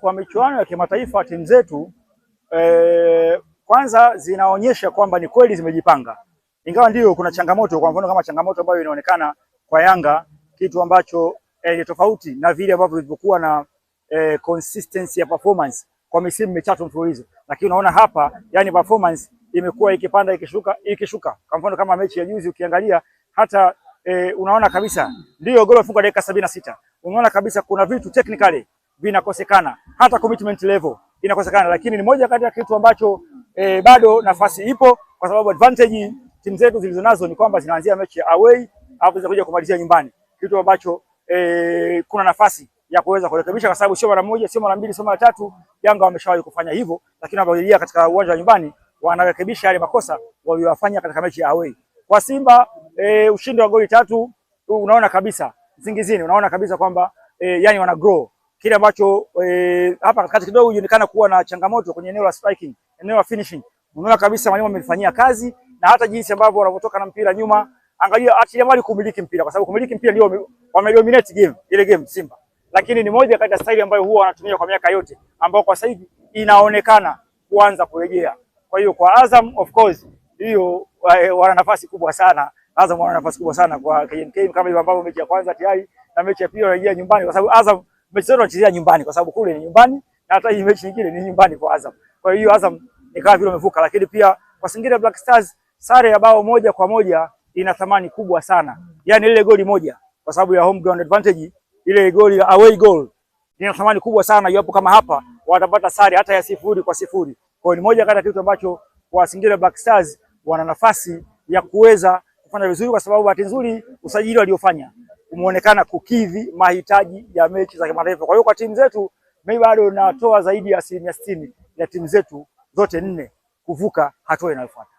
Kwa michuano ya kimataifa timu zetu e, kwanza zinaonyesha kwamba ni kweli zimejipanga, ingawa ndiyo kuna changamoto, kwa mfano kama changamoto ambayo inaonekana kwa Yanga, kitu ambacho e, ni tofauti na vile ambavyo vilivyokuwa na e, consistency ya performance kwa misimu mitatu mfululizo, lakini unaona hapa, yani performance imekuwa ikipanda ikishuka ikishuka. Kwa mfano kama mechi ya juzi ukiangalia hata e, unaona kabisa ndio goli limefunga dakika sabini na sita, unaona kabisa kuna vitu technically vinakosekana, hata commitment level inakosekana, lakini ni moja kati ya kitu ambacho e, bado nafasi ipo, kwa sababu advantage timu zetu zilizonazo ni kwamba zinaanzia mechi ya away alafu kuja kumalizia nyumbani, kitu ambacho e, kuna nafasi ya kuweza kurekebisha, kwa sababu sio mara moja, sio mara mbili, sio mara tatu. Yanga wameshawahi kufanya hivyo, lakini wanapoingia katika uwanja wa nyumbani wanarekebisha yale makosa waliyofanya katika mechi ya away. Kwa Simba e, ushindi wa goli tatu unaona kabisa zingizini, unaona kabisa kwamba e, yani wana grow kile ambacho e, hapa katikati kidogo ilionekana kuwa na changamoto kwenye eneo la striking, eneo la finishing. Unaona kabisa mwalimu amelifanyia kazi na hata jinsi ambavyo wanavyotoka na mpira nyuma. Angalia achilia mbali kumiliki mpira, kwa sababu kumiliki mpira ndio wamedominate game ile game Simba, lakini ni moja kati ya staili ambayo huwa wanatumia kwa miaka yote, ambao kwa sasa hivi inaonekana kuanza kurejea. Kwa hiyo kwa Azam of course hiyo eh, wana nafasi kubwa sana. Azam wana nafasi kubwa sana kwa KMK kama hivyo ambavyo mechi ya kwanza tayari na mechi ya pili wanarejea nyumbani, kwa sababu Azam mechi zote wanachezea nyumbani, kwa sababu kule ni nyumbani na hata hii mechi nyingine ni nyumbani kwa Azam. Kwa hiyo Azam ni kama vile wamevuka, lakini pia kwa Singida Black Stars sare ya bao moja kwa moja ina thamani kubwa sana, yaani ile goli moja, kwa sababu ya home ground advantage, ile goli ya away goal ina thamani kubwa sana. Yapo kama hapa watapata sare hata ya sifuri kwa sifuri, kwa hiyo ni moja kati ya kitu ambacho kwa Singida Black Stars wana nafasi ya kuweza kufanya vizuri, kwa sababu bahati nzuri usajili waliofanya kumeonekana kukidhi mahitaji ya mechi za kimataifa. Kwa hiyo kwa timu zetu mimi bado natoa zaidi ya asilimia sitini ya timu zetu zote nne kuvuka hatua inayofuata.